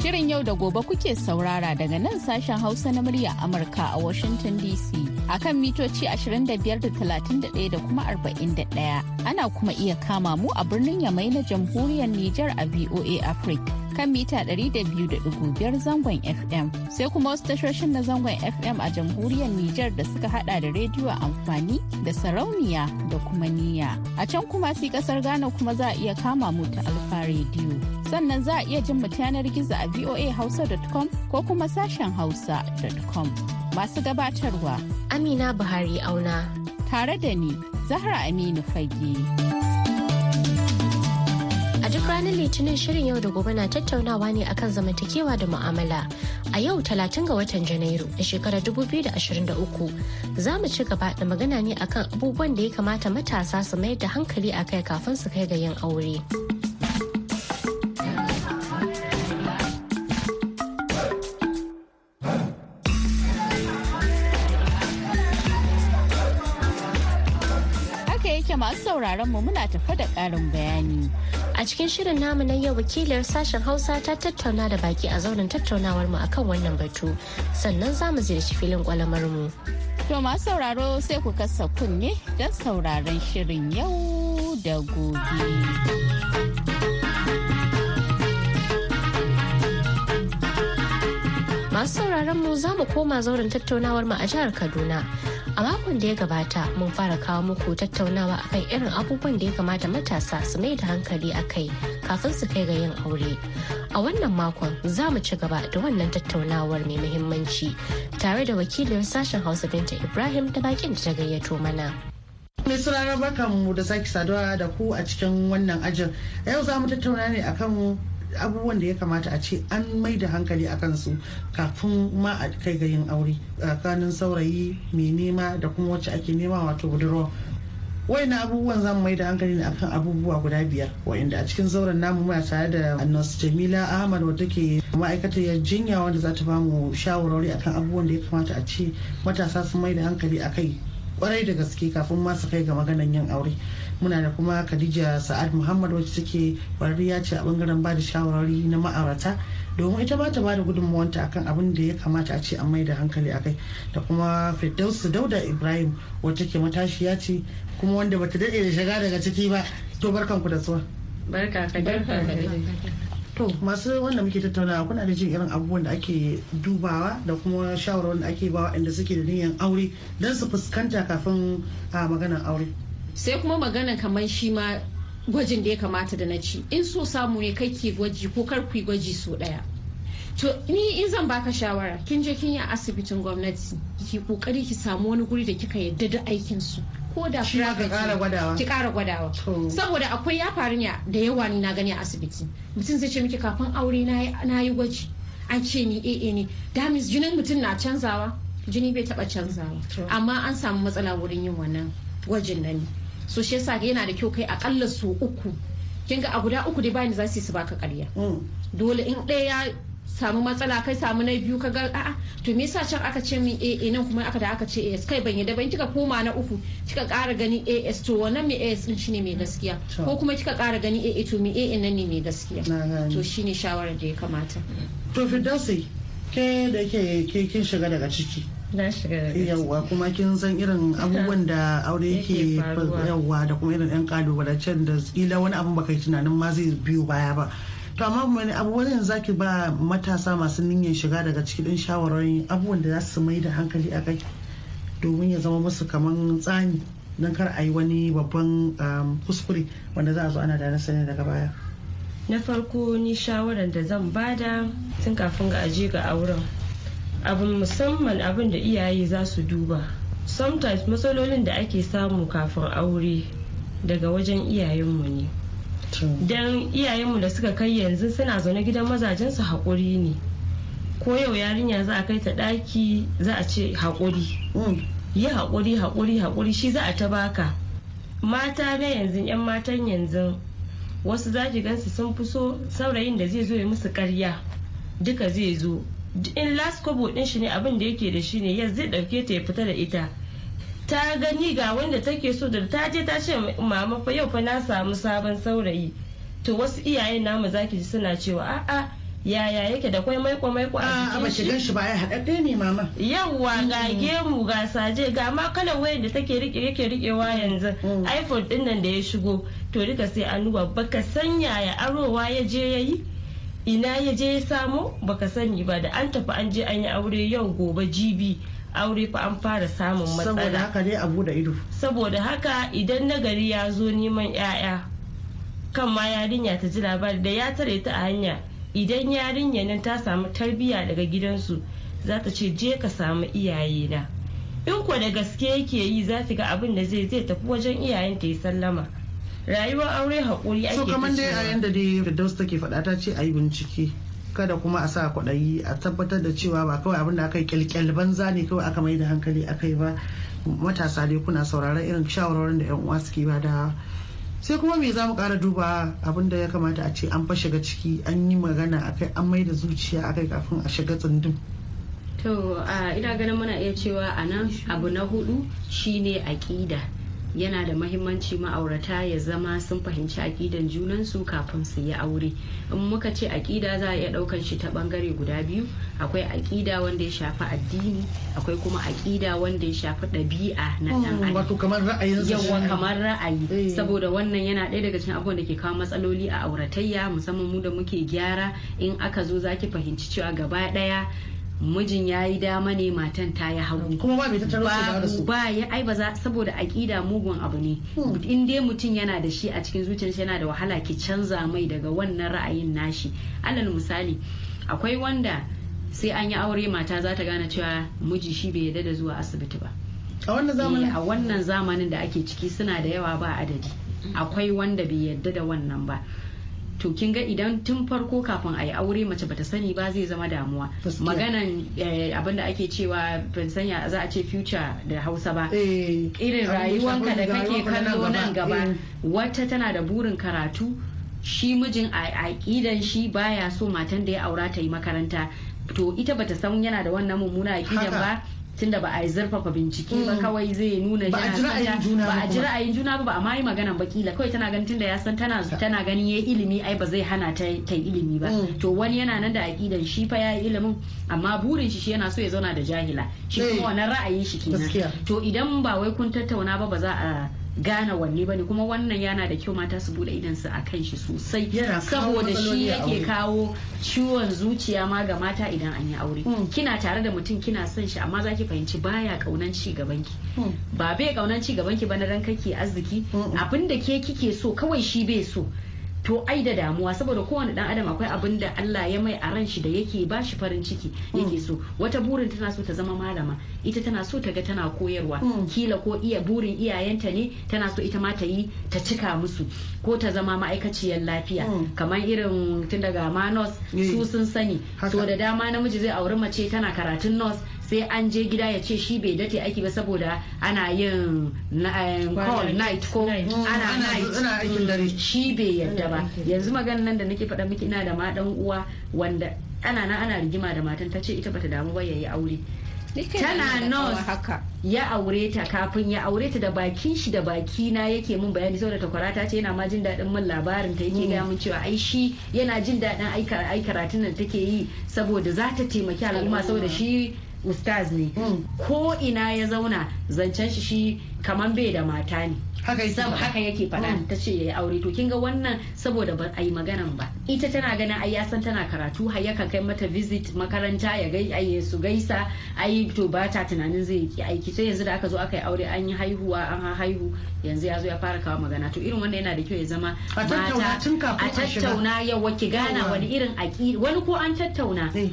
Shirin yau da gobe kuke saurara daga nan sashen Hausa na murya Amurka a Washington DC a kan mitoci 25.31 da kuma 41. Ana kuma iya kama mu a birnin Yamai na Jamhuriyar Nijar a VOA Africa. kan mita 200.5 zangon FM sai kuma wasu tashoshin na zangon FM a jamhuriyar Nijar da suka hada da rediyo amfani da sarauniya da kuma niya. A can kuma si kasar Ghana kuma za a iya kama mu ta Alfa rediyo Sannan za a iya jin mu yanar gizo a voahausa.com ko kuma sashen hausa.com. Masu gabatarwa Amina Buhari auna. Tare da ni Zahra Aminu Fage. duk ranar litinin shirin yau da gobe na tattaunawa ne akan zamantakewa da mu'amala a yau 30 ga watan janairu na shekarar 2023 za mu ci gaba da magana ne akan abubuwan da ya kamata matasa su mayar da hankali a kai kafin su kai ga yin aure. sauraron mu muna tafa da ƙarin bayani. A cikin shirin namu na yau wakiliyar sashen Hausa ta tattauna da baki a zauren tattaunawar mu akan wannan batu. Sannan za mu ziyarci filin kwalamar mu. To masu sauraro sai ku kasa kunne don sauraron shirin yau da gobe. masu sauraron mu za mu koma zauren tattaunawar mu a jihar Kaduna a makon da ya gabata mun fara kawo muku tattaunawa akan irin abubuwan da ya kamata matasa su mai da hankali a kai kafin su kai ga yin aure a wannan makon za mu ci gaba da wannan tattaunawar mai muhimmanci tare da wakilin sashen hausa binta ibrahim da bakin da ta gayyato mana mai sauraron barkan mu da sake saduwa da ku a cikin wannan ajin yau za mu tattauna ne akan abubuwan da ya kamata a ce an mai da hankali a kansu kafin ma a kai ga yin aure tsakanin saurayi mai nema da kuma wacce ake nema wato budurwa na abubuwan zan mai da hankali ne akan abubuwa guda biyar wa'inda a cikin zauren namu muna tare da nurse jamila ahmad wadda ke ma'aikatar jinya wanda za ta bamu shawarwari akan abubuwan da ya kamata a ce matasa sun mai da hankali a kai kwarai da gaske kafin masu kai ga maganan yin aure muna da kuma khadija sa'ad muhammad wacce take kwararriya ce a bangaren ba da shawarwari na ma'aurata domin ita ba ta ba da gudunmawanta akan abin da ya kamata a ce an mai da hankali akai da kuma firdausu dauda ibrahim wacce ke matashiya ce kuma wanda bata daɗe da shiga daga ciki ba to barkanku da suwa barka ka To masu wanda muke tattaunawa kuna da jin irin abubuwan da ake dubawa da kuma shawarwar da ake bawa inda suke da niyyar aure don su fuskanta kafin a maganar aure. Sai kuma magana kamar shi ma gwajin da ya kamata da na ci in so samu ne kai kake gwaji ko kar gwaji so daya. To ni in zan baka shawara kin je kin yi asibitin gwamnati ki kokari ki samu wani guri da kika yadda da aikin su. ko da private ki kara gwadawa saboda akwai ya faru ne da yawa ni na gani a asibiti mutum zai ce miki kafin aure na yi gwaji an ce ni AA ne damis jinin mutum na canzawa jini bai taba canzawa amma an samu matsala wurin yin wannan gwajin nan so shi yasa yana da kyau kai akalla su uku kinga a guda uku dai bani za su yi su baka karya mm. dole in ɗaya samu matsala kai samu na biyu ka ga a'a to me yasa can aka ce min AA nan kuma aka da aka ce AS kai ban yadda ban kika koma na uku kika ƙara gani AS to wannan me AS din shine mai gaskiya ko kuma kika ƙara gani AA to me AA nan ne mai gaskiya to shine shawarar da ya kamata to fidasi ke da ke kin shiga daga ciki yawa kuma kin san irin abubuwan da aure yake yawa da kuma irin yan can da kila wani abu baka tunanin ma zai biyo baya ba to amma wani abubuwan yanzu zaki ba matasa masu niyyar shiga daga cikin shawarwarin abubuwan da za su mai da hankali a kai domin ya zama musu kaman tsani don kar a yi wani babban um, kuskure wanda za a zo ana da sani daga baya na farko ni shawarar da zan bada tun kafin ga aje ga auren abin musamman abin da iyaye za su duba sometimes matsalolin da ake samu kafin aure daga wajen iyayenmu ne don iyayenmu da suka kai yanzu suna zaune gidan mazajensu haƙuri ne ko yau yarinya za a kai ta ɗaki za a ce haƙuri mm. yi haƙuri haƙuri haƙuri shi za a ta baka mata na yanzu 'yan matan yanzu wasu za ki gansu sun fi so saurayin da zai zo ya musu karya duka zai zo in las kobo shi ne abin da yake da shi ne yanzu zai ɗauke ta ya fita da ita ta gani ga wanda take so da ta je ta ce mama fa yau fa na samu sabon saurayi to wasu iyayen namu zaki ji suna cewa a'a yaya yake da kwai maiko maiko a a ba shigan shi ba ya haɗaɗɗe ne mama yawwa ga mm. gemu ga saje ga ma kalar wayar da take rike yake rikewa yanzu mm. iphone din nan da ya shigo to duka sai an babba ka san yaya arowa ya je ya yi ina ya je ya samo baka sani ba da an tafi an je an yi aure yau gobe jibi aure fa an fara samun matsala saboda haka dai abu da ido saboda haka idan nagari ya zo neman 'ya'ya kan ma yarinya ta ji labari da ya tare ta a hanya idan yarinya nan ta samu tarbiyya daga gidansu za ta ce je ka samu iyaye na in ko da gaske yake yi za ga abin da zai zai tafi wajen iyayen ta yi sallama rayuwar aure haƙuri ake so kamar dai a yanda dai take faɗa ta ce a yi bincike kada kuma a sa kwaɗayi a tabbatar da cewa ba kawai abin da aka yi kyalkyal banza ne kawai aka mai da hankali aka yi ba matasa dai kuna sauraron irin shawarwarin da yan uwa suke ba da sai kuma me za mu kara duba abin da ya kamata a ce an fa shiga ciki an yi magana akai an mai da zuciya akai kafin a shiga tsundum to ina ganin muna iya cewa a nan abu na hudu shine aƙida yana da mahimmanci ma'aurata ya zama sun fahimci aƙidan junansu kafin su yi aure in muka ce aƙida za a iya ɗaukan shi ta bangare guda biyu akwai ƙida wanda ya shafi addini akwai kuma aƙida wanda ya shafi ɗabi'a na ɗan hmm, adam wato kamar yawa kamar ra'ayi eh. saboda wannan yana ɗaya daga cikin abubuwan da ke kawo matsaloli a auratayya musamman mu da muke gyara in aka zo zaki fahimci cewa gaba ɗaya mijin ya yi dama ne matan ta yi hagu kuma ba mai tattara su ba ya ai ba saboda aƙida mugun abu ne hmm. in dai mutum yana da shi a cikin zuciyar yana da wahala ki canza mai daga wannan ra'ayin nashi alal misali akwai wanda sai an yi aure mata za ta gane cewa miji shi bai yarda da zuwa asibiti ba a wannan zamanin eh, a wannan zamanin da ake ciki suna da yawa ba adadi hmm. akwai wanda bai yarda da wannan ba to kin ga idan tun farko kafin a yi aure mace bata sani ba zai zama damuwa maganan eh, abin da ake cewa ban sanya za a ce future da hausa ba eh, irin rayuwanka da kake kallo nan gaba eh. wata tana da burin karatu shi mijin a aƙidan shi baya so matan da ya aura ta yi makaranta to ita bata san yana da wannan mummuna aƙidan ba tunda ba a yi zurfafa bincike ba hmm. kawai zai nuna juna ba a ji ra'ayin juna ba ba a ma yi magana ba kila kawai tana ganin tunda ya san tana tana ganin yayi ilimi ai ba zai hana ta ta ilimi ba hmm. to wani yana nan da aqidan shi fa ya yi ilimin amma burin shi shi yana so ya zauna da jahila shi kuma eh. wannan ra'ayin shi kenan to idan ba wai kun tattauna ba ba za a gane wanne bane kuma wannan yana da kyau mata su bude idan su akan shi sosai saboda shi yake kawo ciwon zuciya ma ga mata idan an yi aure hmm. kina tare da mutum kina son shi amma zaki fahimci baya kaunan ci gaban ki hmm. ba bai kaunan ci gaban ki ba na ran kake arziki hmm. abinda ke kike so kawai shi bai so to ai da damuwa saboda kowane dan adam akwai abin da Allah ya mai a ran shi da yake ba shi farin ciki yake so wata burin tana so ta zama malama ita tana so ta ga tana koyarwa mm. kila ko iya burin iyayenta ne tana so ita ma ta yi ta cika musu ko ta zama ma'aikaciyar lafiya mm. kamar irin tun daga ma nurse su eh. sun sani so da dama namiji zai auri mace tana karatun nurse sai an je gida ya ce shi bai dace aiki ba saboda ana yin eh, call night ko ana night mm, shi bai yadda ba yanzu maganan nan da nake faɗa miki ina da ma dan uwa wanda ana na ana rigima da matan ta ce ita bata damu ba yayi aure tana nurse ya aure ta kafin ya aure ta da bakin shi da baki na yake mun bayani saboda takwara ta ce yana ma jin dadin mun labarin ta yake mm. ga mun cewa ai shi yana jin dadin ai nan take yi saboda za ta taimaki al'umma saboda shi ustaz ne mm. ko ina ya zauna zancen shi shi kaman bai da mata ne haka yake faɗa mm. ta ce ya aure to kinga wannan saboda ba a yi maganan ba ita tana ganin ai ya san tana karatu har yakan kai mata visit makaranta ya gai su gaisa ai to ba ta tunanin zai yi aiki sai yanzu da aka zo aka yi aure an yi haihuwa an haihu yanzu ya zo ya fara kawo magana to irin wanda yana da kyau ya zama mata a tattauna yau ki gana wani irin aki wani ko an tattauna eh.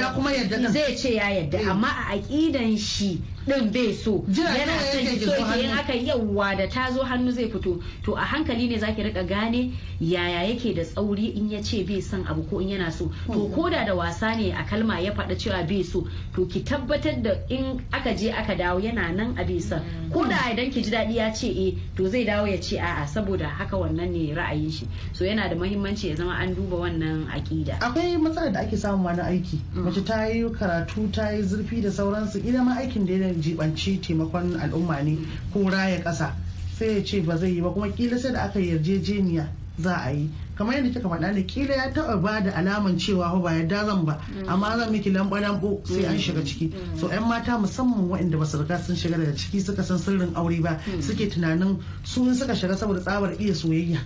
ya kuma yadda zai ce ya yadda eh. amma a aƙidan shi Ɗin bai so yana son ji so yake yin aka yawwa da ta zo hannu zai fito to a hankali ne zaki rika gane yaya yake da tsauri in ya ce bai son abu ko in yana so to hmm. koda da wasa ne a kalma ya faɗa cewa bai so to ki tabbatar da in aka je aka dawo yana nan a bai son hmm. koda idan ki ji daɗi ya ce eh to zai dawo ya ce a'a saboda haka wannan ne ra'ayin shi so yana da muhimmanci ya zama an duba wannan aƙida akwai matsalar da ake samu na aiki hmm. mace ta yi karatu ta yi zurfi da sauransu idan ma aikin da ya jibanci taimakon al'umma ne ko raya kasa sai ya ce ba zai yi ba kuma kila sai da aka yarjejeniya za a yi kamar yadda kika faɗa ne kila ya taɓa ba da alaman cewa ba yarda zan ba mm. amma zan miki lamba lambo sai an mm. shiga ciki mm. so yan mata musamman waɗanda ba su riga sun shiga daga ciki suka san sirrin aure ba suke tunanin su suka shiga saboda tsabar iya soyayya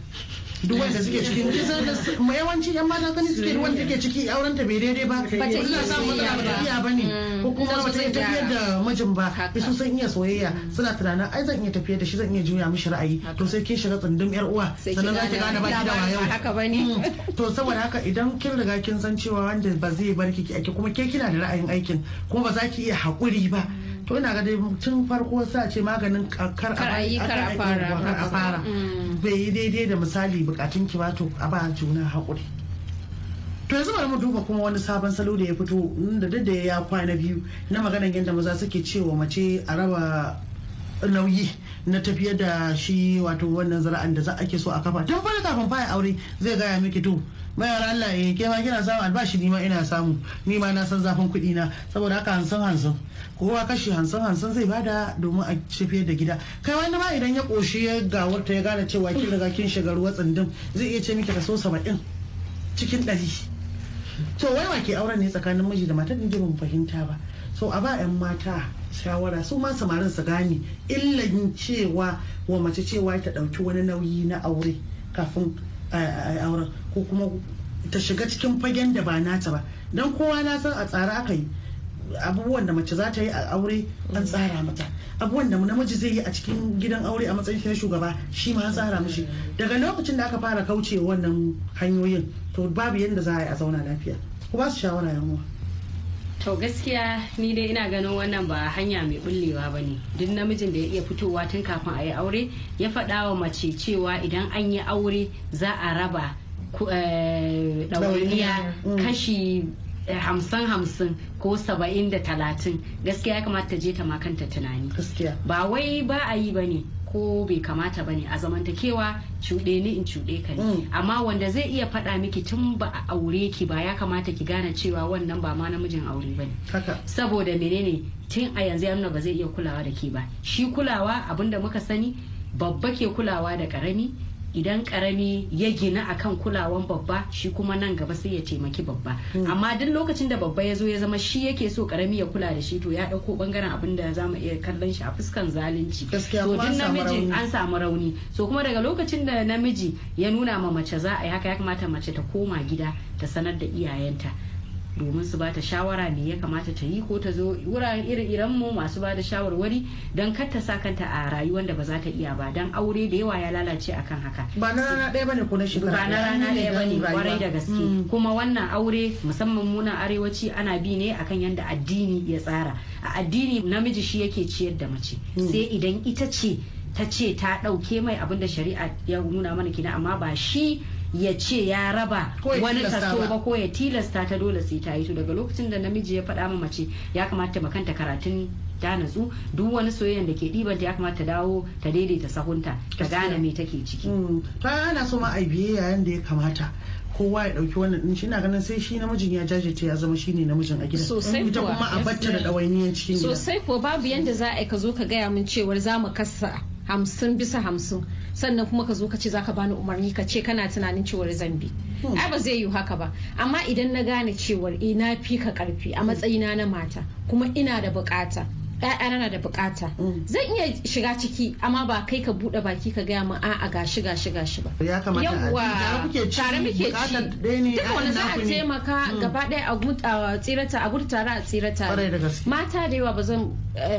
duk wanda suke cikin mu yawanci yan mata gani suke duk wanda take ciki auren ta bai daidai ba ba ta sa mu ba iya bane ko kuma ba ta iya mm. tafiyar da mijin ba su san iya soyayya mm. suna tunanin ai zan iya tafiyar da shi zan iya juya mishi ra'ayi to sai kin shiga tsundum yar uwa sannan za ki gane ba ki da wayo haka bane mm. to saboda haka idan kin riga kin san cewa wanda ba zai bar ki kuma ke kina da ra'ayin aikin kuma ba za ki iya haƙuri ba to ina ga dai tun farko sa ce maganin kar a fara mm. bai yi daidai da misali bukatun ki wato a ba juna haƙuri to yanzu bari mu duba kuma wani sabon salo da ya fito da duk da ya kwana biyu na maganar yadda maza suke cewa mace a raba nauyi na tafiya da shi wato wannan zara'an da za ake so a kafa tun fara kafin fara aure zai gaya miki to mayar Allah eh ke ma kina samu albashi ni ma ina samu ni ma na san zafin kuɗi na saboda haka hansan hansan kowa kashi hansan hansan zai bada domin a tafiyar da gida kai wani ma idan ya koshi ya ga wata ya gane cewa kin riga kin shiga ruwa tsindin zai iya ce miki kaso saba'in cikin ɗari to wai wa ke auren ne tsakanin miji da mata da ban fahimta ba so a ba 'yan mata shawara su ma samarin su gane illan cewa wa mace cewa ta ɗauki wani nauyi na aure kafin eh, a auren ko kuma ta shiga cikin fagen da ba nata ba don kowa na san a tsara aka yi abubuwan da mace za ta yi a aure an tsara mata abubuwan da namiji zai yi a cikin gidan aure a matsayin shi shugaba shi ma tsara mishi daga lokacin da aka fara kauce wannan hanyoyin to babu yadda za a yi a zauna lafiya ku ba su shawara yan to gaskiya ni dai ina ganin wannan ba hanya mai bullewa ba ne duk namijin da ya iya fitowa tun kafin a yi aure ya faɗa wa mace cewa idan an yi aure za a raba Eh, ɗawainiya mm. kashi eh, hamsin hamsin ko saba'in da talatin gaskiya ya kamata je ta makanta tunani ba wai ba a yi ba ne ko bai kamata ba ne a zamantakewa cuɗe ni in cuɗe ka ne mm. amma wanda zai iya faɗa miki tun ba a aure ki ba ya kamata ki gane cewa wannan ba ma namijin aure ba ne saboda menene tun a yanzu nuna ba zai iya kulawa da ke ba shi kulawa abinda muka sani babba ke kulawa da ƙarami. idan karami ya gina a kan kulawan babba shi kuma nan gaba sai ya taimaki babba hmm. amma duk lokacin da babba ya zo ya zama shi yake so karami ya kula da shi to ya dauko bangaren abin da zamu iya kallon shi a fuskan zalunci so duk namiji an samu rauni so kuma daga lokacin da namiji ya nuna ma mace za a yi haka ya kamata mace ta koma gida ta sanar da iyayenta domin su bata shawara me ya kamata ta yi ko ta zo wuraren ire-iren mu masu bada shawarwari don kar ta sa kanta a rayuwar da ba za ta iya ba don aure da yawa ya lalace akan haka ba na rana ɗaya bane ko na shekara ba na rana ɗaya bane kwarai da gaske hmm. kuma wannan aure musamman muna arewaci ana bi ne akan yadda addini ya tsara a addini namiji shi yake ciyar da mace hmm. sai idan ita ce ta ce ta ɗauke mai abinda shari'a ya nuna mana kina amma ba shi ya ce ya raba wani kaso ba ko ya tilasta ta dole sai ta yi to daga lokacin da namiji ya faɗa ma mace ya kamata makanta karatun ta nutsu duk wani soyayyan da ke ɗiban ta ya kamata ta dawo ta daidaita sahunta ta gane me take ciki. Mm. ta ana so ma a biye yayin da ya kamata kowa ya dauki wannan din shina ganin sai shi namijin ya jajirce ya zama shine namijin a gida sosai ita kuma a batta da dawainiyan cikin gida sosai ko babu yanda za a ka zo ka gaya min cewar za mu kasa hamsin bisa hamsin sannan kuma ka zo ka ce zaka bani umarni ka ce kana tunanin cewar zan bi hmm. ai ba zai yi haka ba amma idan na gane cewar eh na fi ka karfi a matsayina na mata kuma ina da bukata 'ya'yana na da bukata mm. zan iya shiga ciki amma ba kai ka buɗe baki ka gaya min a'a gashi shiga shi ba ya kamata a tare muke ci duka wani za a taimaka mm. gaba ɗaya a tsirata a gudu tare a tsirata mata da yawa ba zan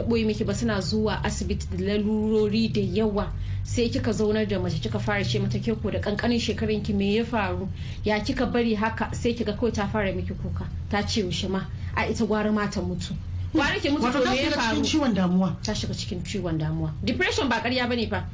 boye eh, miki ba suna zuwa asibiti da lalurori da yawa sai kika zaunar da mace kika fara ce mata ke ko da kankanin shekarun ki me ya faru ya kika bari haka sai kika kawai ta fara miki kuka ta ce yaushe ma a ita gwara ma ta mutu kwana ki mutu to me ya faru ciwon damuwa ta shiga cikin ciwon damuwa depression ba ƙarya bane fa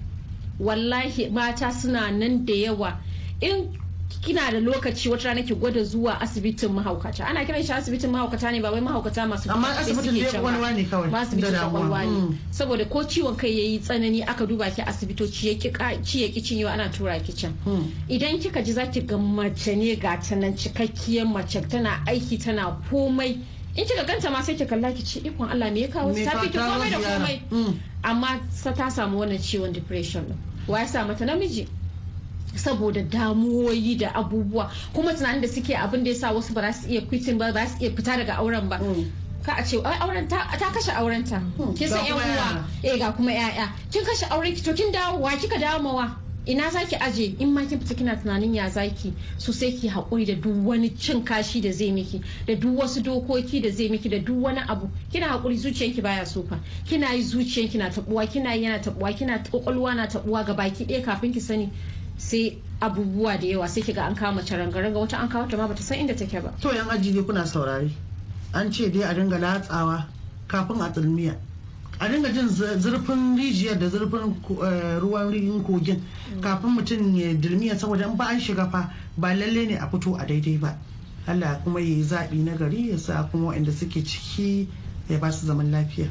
wallahi mata suna nan da yawa in kina da lokaci wata rana ki gwada zuwa asibitin mahaukata ana kiran shi asibitin mahaukata ne ba wai mahaukata masu amma asibitin da kwakwalwa ne kawai ba asibitin da kwakwalwa ne mm. saboda ko ciwon kai yayi tsanani aka duba ki asibitoci ya ki ci ya ki cinyewa ana tura ki can mm. idan kika ji zaki ga mace ne ga ta nan cikakkiyar mace tana aiki tana komai in kika ganta ma sai ki kalla ki ce ikon Allah me ya kawo ta fi ki komai da komai mm. amma ta samu wannan ciwon depression din wa ya samu mata namiji saboda damuwoyi da abubuwa kuma tunanin da suke abin da yasa wasu ba za su iya quitting ba ba za su iya fita daga auren ba mm. ka a ce auren ta kashe auren ta mm. kin san yan uwa eh ga kuma yaya kin kashe auren ki to kin dawo wa kika dawo mawa ina zaki aje in ma kin fita kina tunanin ya zaki so sai ki hakuri da duk wani cin kashi da zai miki da duk wasu dokoki da zai miki da duk wani abu kina hakuri zuciyanki baya sofa kina yi zuciyanki na tabuwa kina yi yana tabuwa kina kokolwa na tabuwa ga baki ɗaya kafin ki sani sai abubuwa da yawa sai kiga an kawo mace rangaranga wata an kawo ta ma bata san inda take ba to yan aji dai kuna saurare an ce dai a dinga latsawa kafin a tsulmiya a dinga jin zurfin rijiyar da zurfin eh, ruwan kogin kafin mutum ya dirmiya saboda in ba an shiga fa ba lalle ne a fito a daidai ba Allah kuma ya yi zaɓi na gari ya sa kuma waɗanda suke ciki ya ba su zaman lafiya.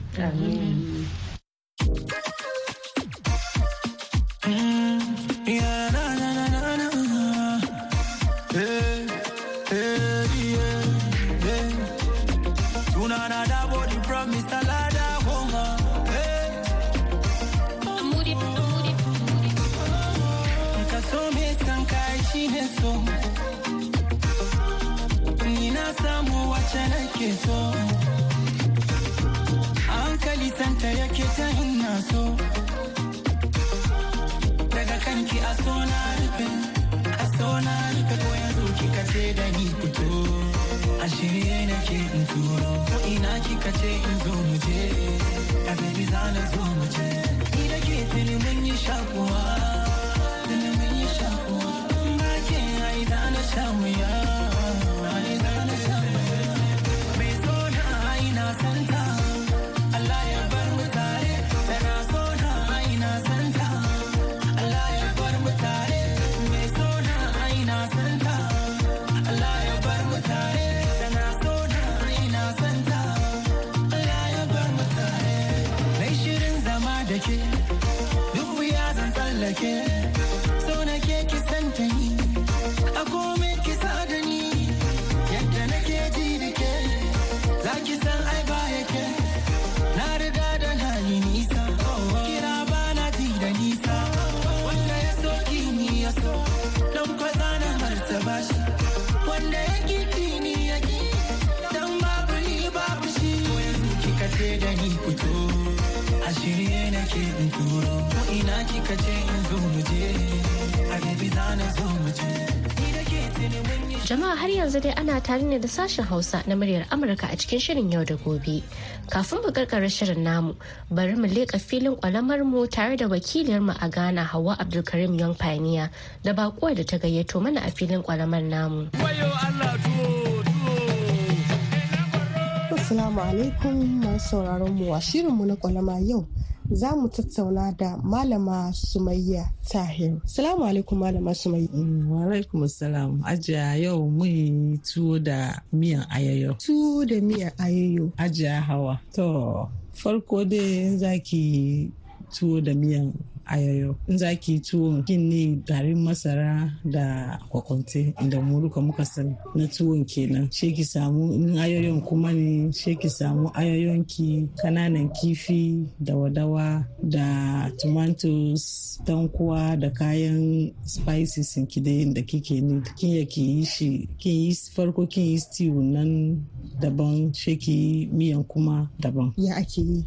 fita ina so daga kanki a so na rufe a so na rufe ko yanzu kika ce da ni fito a shirye na ke in turo ko ina kika ce in zo mu je a bibi za na zo mu je ni da ke tuni mun yi shakuwa tuni mun yi shakuwa ba ke ai za na sha wuya ai za na sha wuya bai so na ai na santa Jama'a har yanzu dai ana tare ne da sashen Hausa na muryar Amurka a cikin shirin yau da gobe. Kafin mu karkara shirin namu, bari mu leƙa filin kwalamar mu tare da wakiliyarmu a Ghana Hawa Abdulkarim Young da bakuwa da ta gayyato mana a filin kwalamar namu. Assalamu alaikum masu sauraron mu a shirinmu na kwalama yau za mu tattauna da malama Sumayya Tahir. Salamu alaikum malama Sumayya. Mm, wa alaikum salam. Ajiya yau mai tuwo da miyan ayayo. Tuwo da miyan ayayo. Ajiya hawa. To farko dai zaki tuwo da miyan ayoyo in za ki tuwo kin ne garin masara da kwakwante da muruka muka sani na tuwon kenan she ki samu in ayoyon kuma ne she ki samu ayoyon ki kananan kifi da wadawa da tomatoes tankuwa da kayan spices ki da kike ne kin ya ki yi shi kin yi farko kin yi stew nan daban she ki miyan kuma daban ya ake yi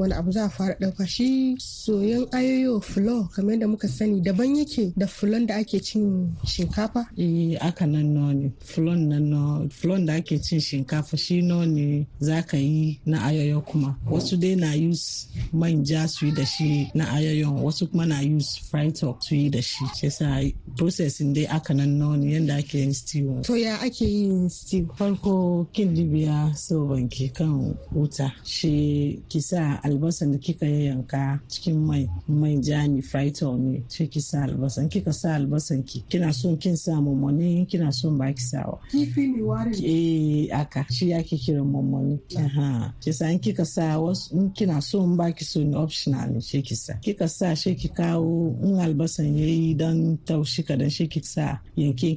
wani abu za a fara ɗauka shi soyon ayoyo fulo kamar da muka sani daban yake da fulon da ake cin shinkafa eh aka nan no ne fulon nan no fulon da ake cin shinkafa shi no ne za ka yi na ayoyo kuma wasu dai na use manja su yi da shi na ayoyo wasu kuma na use fried talk su yi da shi shi sa processing dai aka nan no ne ake yin stew to ya ake yin stew farko kin dibiya so banki kan wuta shi kisa albasan da kika yayyanka cikin mai mai jani fito ne sai ki sa albasan kika sa albasan ki kina son kin sa mamoni kina son ba ki sawa kifi ne ware eh aka shi yake kiran mamoni aha ki san kika sa wasu in kina son ba ki so optional ne sai ki sa kika sa sai ki kawo in albasan yayi dan taushi dan sai ki sa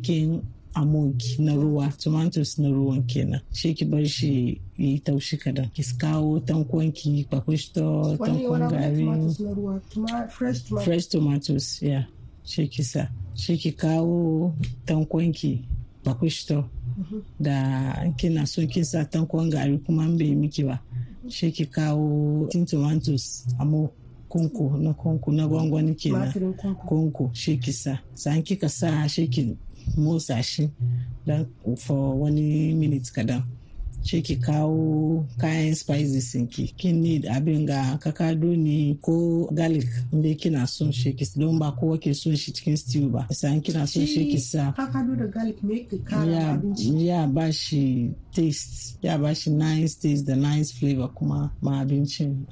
kin. amog na ruwa tomatoes na ruwan kenan shi ki bar shi yi taushi kadan ki kawo tankon ki kwakwishto tankon gari fresh tomatoes ya shi ki sa shi ki kawo tankon ki kwakwishto mhm. da kina so kin sa tankon gari kuma bai miki ba shi ki kawo tin tomatoes amog kunku na kunku na gwangwani kenan kunku shi ki sa san kika sa shi ki motsa shi for wani minit kadan ce ki kawo kayan spices ki kin need abin ga kakado ne ko garlic inda kina son shi ki don ba kowa ke son shi cikin stew ba san kina son shi ki sa kakado da garlic me ki kara abinci ya ba shi taste ya ba shi nice taste da nice flavor kuma ma abincin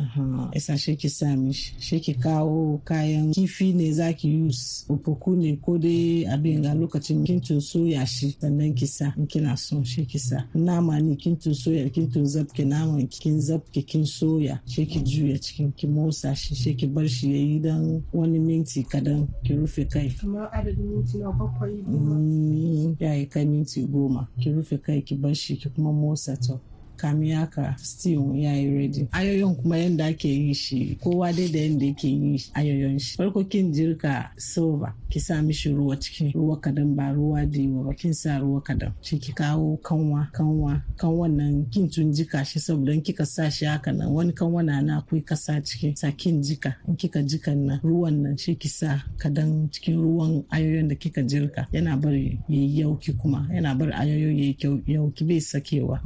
isa shi ki sa mishi shi ki kawo kayan kifi ne zaki use opoku ne ko dai abin ga lokacin kin soya shi sannan ki sa kina son shi ki sa nama ne kin kin soya kin tun zabke naman kin zabke kin soya shi ki juya cikin ki motsa shi shi ki bar shi yayi dan wani minti kadan ki rufe kai kamar adadin minti na bakwai mm, ya yi kai minti goma ki rufe kai ki bar shi ki kuma motsa to kami haka stew ya yi ready ayoyon kuma yadda ake yi shi kowa dai da yadda yake yi ayoyon shi farko kin jirka silver ki sa mishi ruwa cikin ruwa kadan ba ruwa da ba kin sa ruwa kadan shi ki kawo kanwa kanwa kanwan nan kin tun jika shi saboda kika sa shi haka nan wani kanwa na na ka sa ciki sa kin jika in kika jikan nan ruwan nan shi ki sa kadan cikin ruwan ayoyon da kika jirka yana bari yayi yauki kuma yana bar ayoyon yayi yauki bai sakewa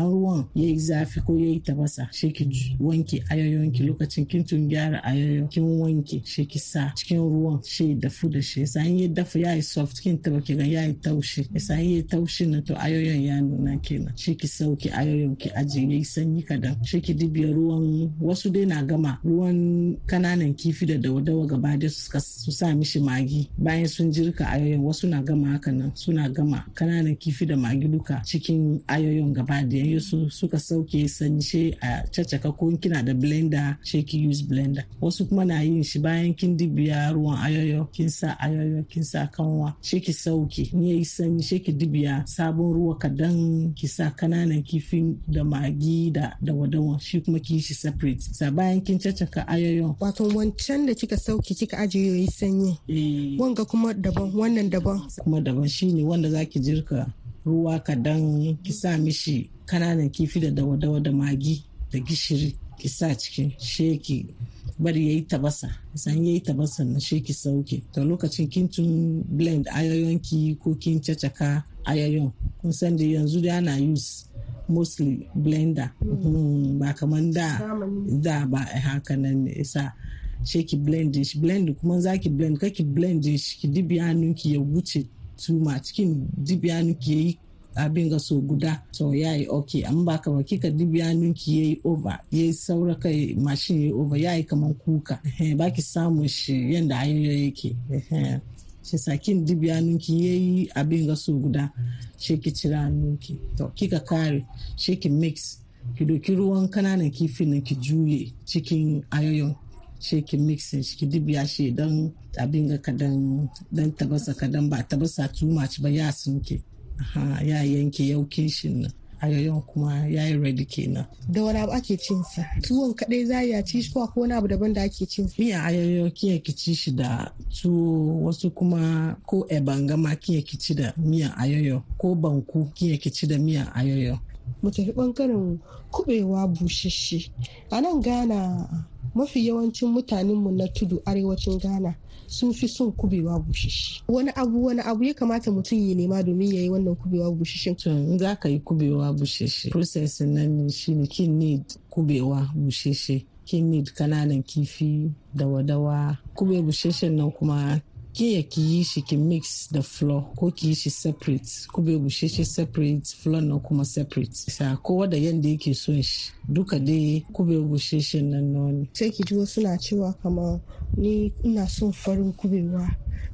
ruwan ruwan ya yi zafi ko ya yi tabasa shi ki wanke ayoyon ki lokacin kin tun gyara ayoyo kin wanke shi ki sa cikin ruwan shi dafu da shi yasa in ya dafa ya yi soft kin taba ki ga ya yi taushi yasa in ya yi taushi na to ayoyon ya nuna kenan shi ki sauki ayoyon ki ajiye ya yi sanyi kadan shi ki dibiya ruwan wasu dai na gama ruwan kananan kifi da dawadawa gaba da su sa mishi magi bayan sun jirka ayoyon wasu na gama haka nan suna gama kananan kifi da magi duka cikin ayoyon gaba da yayin su suka sauke sanje a caccaka ko kina da blender she ki use blender wasu kuma na yin shi bayan kin dibiya ruwan ayoyo kin sa ayoyo kin sa kanwa she ki sauke ni yayi sanyi she ki dibiya sabon ruwa kadan ki sa kananan kifin da magi da da wadawan shi kuma ki shi separate sa bayan kin caccaka ayoyo wato wancan da kika sauke kika ajiye yayi sanyi eh. wanga kuma daban wannan daban kuma daban shine wanda zaki jirka ruwa kadan ki sa mishi kananan kifi da dawa-dawa da magi da gishiri ki sa cikin sheki bari yi tabasa san ya yi tabasa na sheki sauke to lokacin kin tun blend ayoyon ki ko kin cacaka ayoyon kun san da yanzu da ana use mostly blender hmm, ba kaman da da ba haka nan ne isa sheki blend shi blend kuma zaki blend kaki blend shi ki dibi hannunki ya wuce tuma cikin dibiyanin ki yayi abin ga so guda to ya yi ok amma ba ka kika dibiyanin ki yayi over Ya saura kai mashin ya yi over yi kaman kuka ba ki samun shi yadda ayoyi yake shi sakin dibiyanin ki yayi abin ga so guda shi ki cira ki to kika kare shi ki mix ki doki ruwan kananan kifin ki juye cikin ayoyin shekin ki mixin shi ki dibiya shi don abin ga kadan dan tabasa kadan ba tabasa too much ba ya sunke ya yanke yaukin shi nan ayoyon kuma ya yi ready kenan. Da wani abu ake cin sa? Tuwon kadai za ya ci shi ko wani abu daban da ake cin sa? Miya ayoyo kiyar ki ci shi da tuwo wasu kuma ko ebanga ma kiya ki ci da miyan ayoyo ko banku kiyar ki ci da miyan ayoyo. mu tafi bangaren kubewa bushashe a nan ghana mafi yawancin mutanenmu na tudu arewacin ghana sun fi son kubewa bushashe wani abu wani abu ya kamata mutum ya nema domin ya yi wannan kubewa bushashe in za ka yi kubewa bushashe process nan shi ne kin need kubewa bushashe kin need kananan kifi dawa-dawa kube bushashen nan kuma ki ya ki yi shi ki mix da flour ko ki yi shi separate ko bai bushe shi separate flour na kuma separate sa kowa da yanda yake son shi duka dai ko bai bushe shi na nono sai ki ji suna cewa kamar ni ina son farin kubewa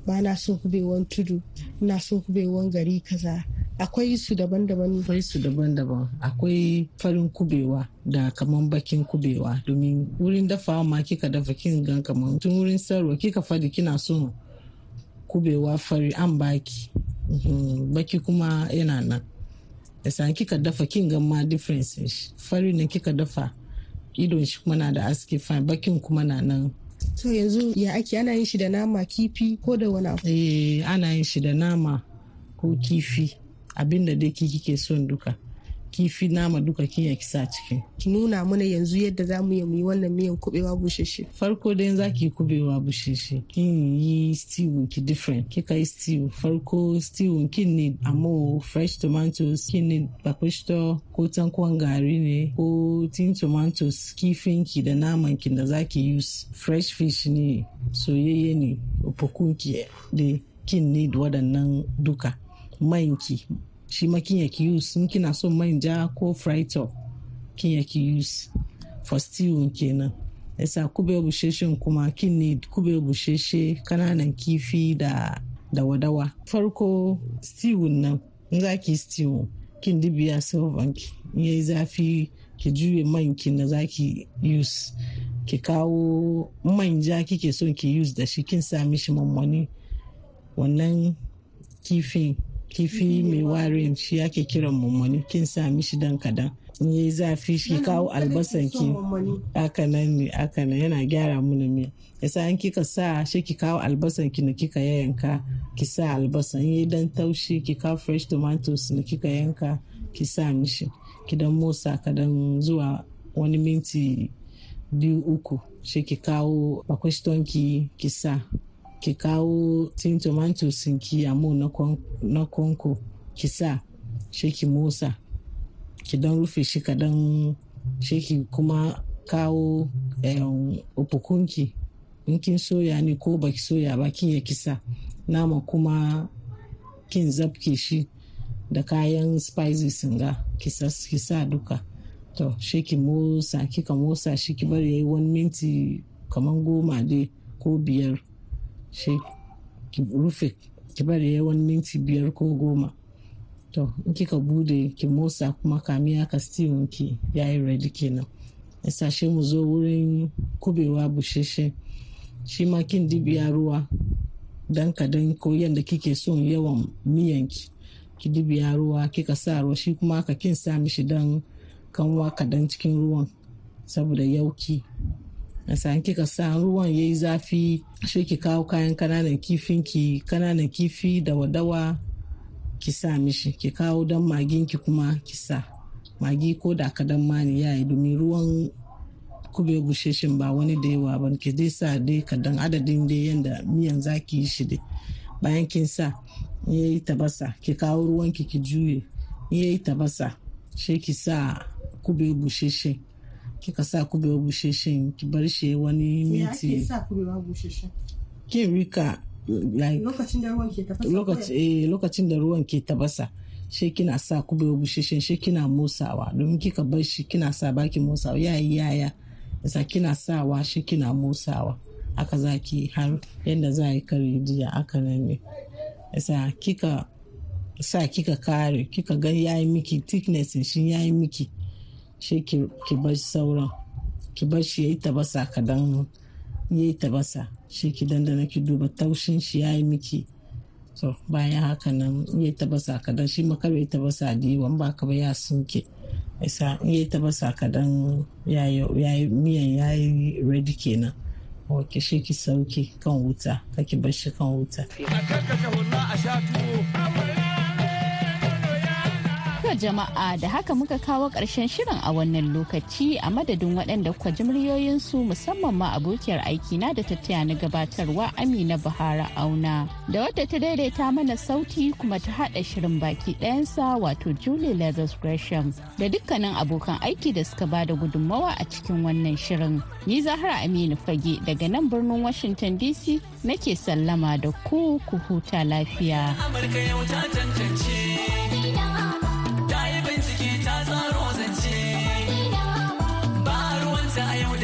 ba na son kubewan tudu ina son kubewan gari kaza akwai su daban-daban akwai su daban-daban akwai farin kubewa da kaman bakin kubewa domin wurin dafawa ma kika dafa kin gan kaman tun wurin sarwa kika fadi kina son kubewa fari an baki mhm, baki kuma yana nan yasa kika dafa kin ga ma difference fari ne kika dafa idon shi kuma na da aski fine bakin kuma na nan to yanzu ya ake ana yin shi da nama kifi ko da wani abu eh ana yin shi da nama ko kifi abinda dai kike son duka kifi nama duka kin ya kisa ciki ki nuna mana yanzu yadda za mu yi wannan miyan kubewa busheshe farko dai za ki kubewa busheshe kin yi stew ki different kika yi stew farko stew kin ne amo fresh tomatoes kin ne bakwisto ko tankwan gari ne ko tin tomatoes kifin ki da naman ki da za ki use fresh fish ne soyayye ne opokunki da kin need waɗannan duka manki shi ma kin yaki use in kina son manja ko fried up ki yaki use for stew kenan yasa kube busheshen kuma kin ne kube busheshe kananan kifi da dawa-dawa farko stew nan in za ki stew kin dibiya silvan ki in yi zafi ki juye man ki na za ki use ki kawo manja kike son ki use da shi kin sa mishi mammani wannan kifin kifi mai warin shi ake kiran mummuni kin sami shi dan kadan in yi zafi shi kawo albasan ki haka nan ne nan yana gyara mini me yasa in kika sa shi ki kawo albasan ki na kika yanka ki sa albasan yi dan taushi ki kawo fresh tomatoes na kika yanka ki sa mishi ki dan motsa kadan zuwa wani minti biyu uku shi ki kawo bakwashton ki ki sa ki kawo tin tomato sinki amu na konko ki sa shi ki motsa ki don rufe shi kadan shi ki kuma kawo upukunki in kin soya ne ko baki soya ba kin ya kisa nama kuma kin zabke shi da kayan spices ga kisa duka to shi ki motsa kika motsa shi ki bari yayi wani minti kamar goma dai ko biyar shi ki rufe ki bari ya wani minti biyar ko goma to in kika bude ki motsa kuma kamiya ka steven ki yi ready kenan sashe mu zo wurin kubewa busheshe shi ma kin dibiya ruwa dan dan ko yadda kike son yawan miyan ki dibiya ruwa kika sa ruwa shi kuma ka kin sa mishi dan kanwa kadan cikin ruwan saboda yauki san kika sa ruwan yayi zafi sai ki kawo kayan kananan kifin ki kananan kifi da wadawa ki sa mishi ki kawo dan magin ki kuma ki sa magi ko da kadan ma ne yayi domin ruwan kube gusheshin ba wani da yawa ba ki dai sa dai kadan adadin da yanda miyan zaki yi shi dai bayan kin sa yayi tabasa ki kawo ruwan ki ki juye yayi tabasa sai ki sa kube busheshin. kika sa kubewa busheshen ki bar shi wani minti ya sa kubewa busheshen ki rika lokacin da ruwan ke tafasa eh lokacin da ruwan ke tafasa she kina sa kubewa busheshen she kina musawa domin kika bar shi kina sa baki musawa yayi yaya yasa kina sawa she kina musawa aka za ki har yadda za yi kare jiya aka nan ne yasa kika sa kika kare kika ga yayi miki thickness shin yayi miki shi ki bar sauran ki bar shi yayi tabasa kadan yayi tabasa shi ki dandana ki duba taushin shi yi miki to bayan haka nan yayi tabasa kadan shi makar yayi tabasa da yawan ba ka ba ya sunke isa yi tabasa kadan yi miyan yi ready kenan wake shi ki sauke kan wuta kake bar kan wuta a To jama'a da haka muka kawo ƙarshen shirin a wannan lokaci a madadin waɗanda kwa jimriyoyinsu musamman ma abokiyar aiki na da ta na gabatarwa Amina Bahara Auna. Da wadda ta daidaita mana sauti kuma ta haɗa shirin baki ɗayansa wato Julie Lazarus Gresham da dukkanin abokan aiki da suka ba da gudunmawa a cikin wannan shirin. Ni Zahra Aminu Fage daga nan birnin Washington DC nake sallama da ku ku huta lafiya.